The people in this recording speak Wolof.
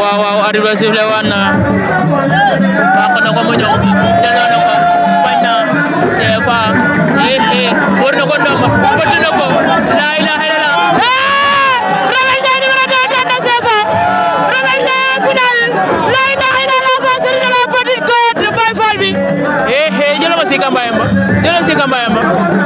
waaw waaw arbitre bi sifflé waat na fàq na ko mu ñëw delloo na ko bañ na CFA eh eh wër na ko ndomba bëtt na ko la ilaha illallah Jëlal ma si kambaayam ba jëlal si kambaayam ba